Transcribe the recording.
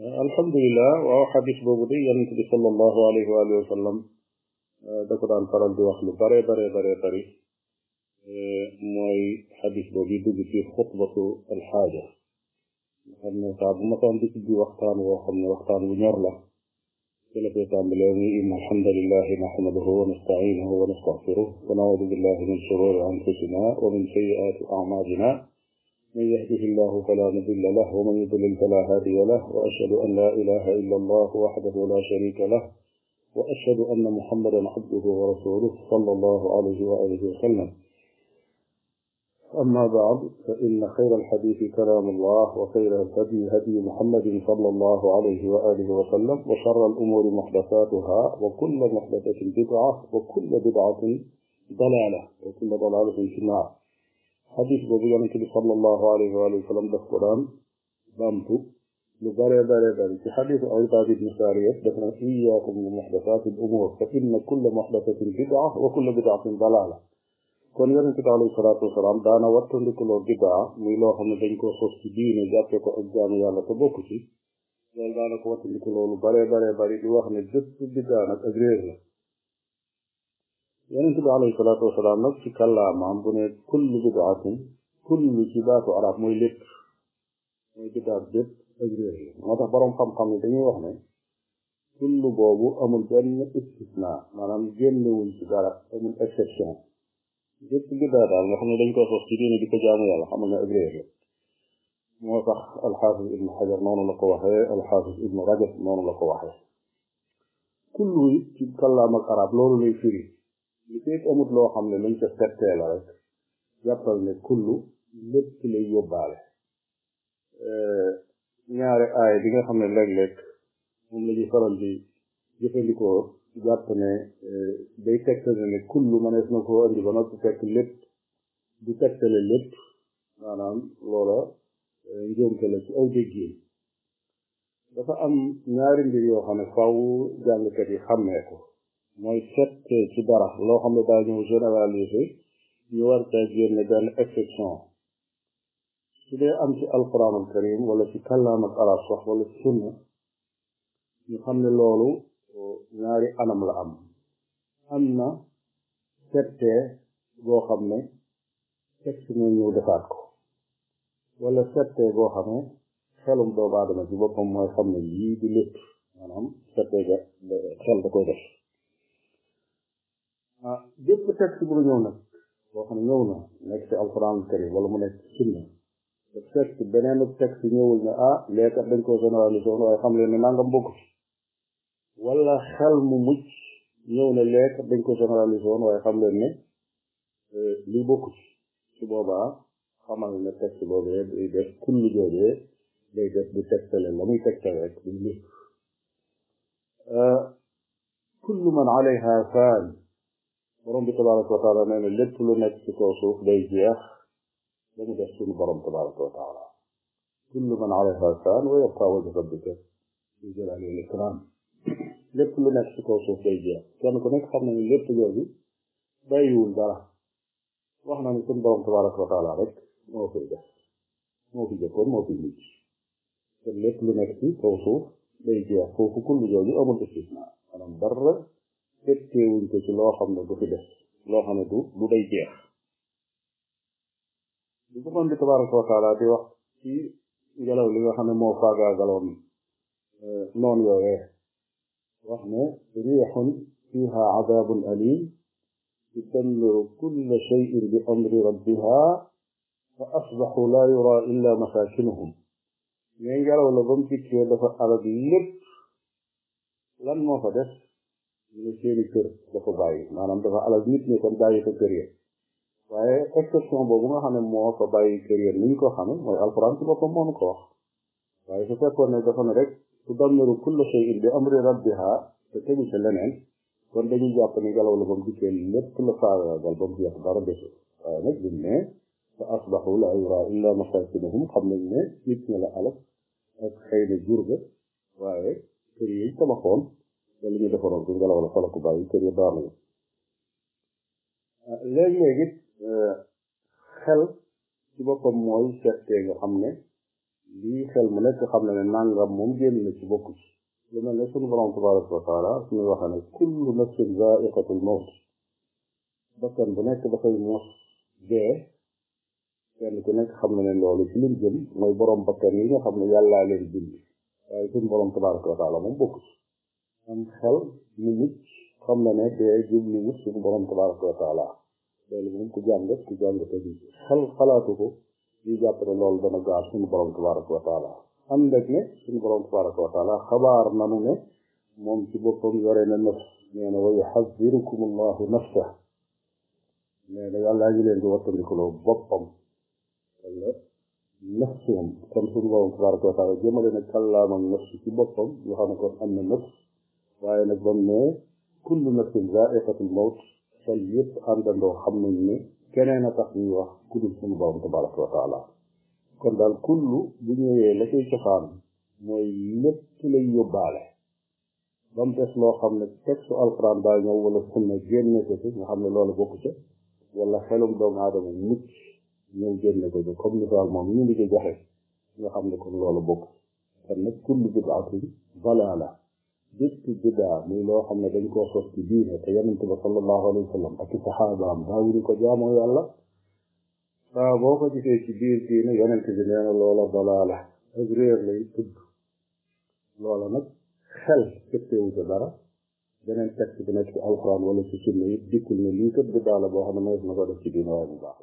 الحمد لله وحديث حديث بوغدي يعني صلى الله عليه واله وسلم دكتور عن فرد دوخلو بري بري بري بري موي حديث بوغي دوغي في خطبة الحاجة أنا صعب ما كان بيك دي وقتان وقتان ونرلا كلا بيتان بلوني إن الحمد لله نحمده ونستعينه ونستغفره ونعوذ بالله من شرور أنفسنا ومن سيئات أعمالنا من يهده الله فلا مضل له ومن يضلل فلا هادي له وأشهد أن لا إله إلا الله وحده لا شريك له وأشهد أن محمدا عبده ورسوله صلى الله عليه وآله وسلم أما بعد فإن خير الحديث كلام الله وخير الهدي هدي محمد صلى الله عليه وآله وسلم وشر الأمور محدثاتها وكل محدثة بدعة وكل بدعة ضلالة وكل ضلالة في النار xadis boobu yonent bi sallallahu alayhi wa sallam daf ko daan bamtu lu bare bare bari ci xadisu Itaas ibn Saariya def na iyaakum bi muxdasaati l umuur fa inna kulla muxdasatin bidaa wa kulla bidaatin dalaala kon yonent bi alayhi salaatu wasalaam daana wattandikuloo bidaa muy loo xam ne dañ koo sos ci diine jàppe ko ak jaamu yàlla te bokk ci loolu daana ko wattandikuloo lu bare bare bari di wax ne bépp bidaa nag ak réer la ينتبه عليه الصلاة والسلام نفسي كلا معهم بني كل بدعة كل كبات عرف موي لب موي بدعة بيت أجريه ما تخبرهم خم خم دنيا وحنا كل بابو أمر بني استثناء ما نام جنة وين تدار أمر exception جت بدعة دار ما خم دنيا كوسوس تدين دي كجامو يلا خمنا أجريه موافق الحافظ ابن حجر نون لقواه الحافظ ابن رجب نون لقواه كله كلام العرب لولو ليفري ليك أمور لو خامل من تسكت على رك يبطل من كله لبت لي يبالة نار آية دينا خامل لك لك هم اللي فلان دي يفعل لكو يبطل من بيتك من كله من اسمك هو اللي بنات تسكت لب بتسكت لب أنا لولا يوم كلك أو تجيل دفع أم نار دي يوم خامل فاو جالك دي خامل كو mooy seet ci dara loo xam ne daa ñëw généralisé ñu war caa génne benn exception su dee am ci alquranul karim wala ci kàllaamak arab sax wala ci ñu xam ne loolu ñaari anam la am am na settee goo xam ne texte ne ñëw defaat ko wala settee goo xam ne xelum doomu aadama ci boppam mooy xam ne yii di lépp maanaam settee ga xel da koy def ah bépp seet si bu ñëw nag boo xam ne ñëw na nekk ci alxuraan karim wala mu nekk ci sunna te seet si beneen texte ñëwul ne ah léekat dañ koo généralisé woon waaye xam leen ne nangam bokk ci wala xel mu mucc ñëw ne léekat dañ ko généralisé woon waaye xam leen ne li bokk ci su boobaa xamal ne texte boobee day def kullu joobee day def di tegtale la muy tegtale rek di lépp kullu man alayha faan برم تبارك وتعالى نعمل لبتل نفسك وصوف ليزيخ لم يحسن برم تبارك وتعالى كل من عليها فان ويبقى وجه ربك في جلال الإكرام لبتل نفسك وصوف ليزيخ كان كنت خمنا من لبتل يوزي بايون داره واحنا نكون برم تبارك وتعالى لك moo koy def moo fi jëkkoon moo fi mujj kon lépp lu nekk ci kaw suuf day jeex foofu kull jooju amul istisna maanaam dara fetteewuñ ko ci loo xam ne du fi des loo xam ne du du day jeex li ko mën di tabaraka wa taala di wax ci ngelaw li nga xam ne moo faagaagaloon noonu yooyee wax ne riixun fiha adabun alim tudammiru kulla shayin bi amri rabbiha fa asbaxu laa yura illa masaakinuhum mais ngelaw la ba mu dikkee dafa alal lépp lan moo fa def ñu seeni kër dafa bàyyi maanaam dafa alal nit ñi kon bàyyi ko kër ya waaye exception boobu nga xam ne moo fa bàyyi kër ya ni ñu ko xame mooy alquran ci boppam moom ko wax waaye su fekkoon ne dafa ne rek su dammiru kulla shay'in bi amri rabbiha te tegu ca leneen kon dañu jàpp ni ngelaw la ba dikkee lépp la faagaagal bam mu jeex dara desul waaye nag bu ne fa asbaxu la yura illa masakinahum xam nañ ne nit ñi la alal ak xëy na jur ga waaye kër yi tabaxoon ولكن هذا ان هذا المكان يجعل هذا المكان يجعل هذا المكان يجعل هذا المكان يجعل هذا المكان يجعل هذا المكان يجعل هذا المكان يجعل هذا المكان يجعل هذا المكان يجعل هذا المكان كل نفس ذائقة الموت بكن بنيك بخير موت جاه كان كنك يكون برم تبارك am xel mu mucc xam na ne te jublu wut suñu borom tabaraka wa lool loolu moom ko di dana gaar suñu borom tabaraka wa am nag ne suñu borom tabaraka wa xabaar nanu ne moom ci boppam yore na nafs nee na wa yuxadirukum allahu nafsa nee na yàllaa ngi leen di wattandikuloo boppam wala nafsuhum kon suñu borom tabaraka wa taala jëmale na kàllaamam nafs ci boppam yoo xam ne kon am na nafs waaye nag ba mu ne kullu nafsin zaiqatul mawt xel yépp àndandoo xam nañ ne keneen a tax ñuy wax ku dul suñu borom tabaraka wa taala kon daal kullu bu ñëwee la cay cosaan mooy lépp lay yóbbaale ba mu des loo xam ne texte alquran daa ñëw wala sunna génne ko ci nga xam ne loolu bokku ca wala xelum doomu aadama mucc ñëw génne ko ci comme misaal moom ñu ngi ci joxe nga xam ne kon loolu bokk kon nag kullu bidaatun dalaala bépp bidaa muy loo xam ne dañ koo sos ci diine te yonent ba sallallahu alayhi wa sallam ak i saxaabaam daawuñu ko jaamoo yàlla saa boo ko gisee ci biir diine yonent bi nee na loola dalaala ak réer lay tudd loola nag xel sëppeewu ca dara beneen texte bu nekk ci alxuraan wala ci sunna yëpp dikkul ne lii kat bidaa la boo xam ne manees na ko def ci diine waaye bu baax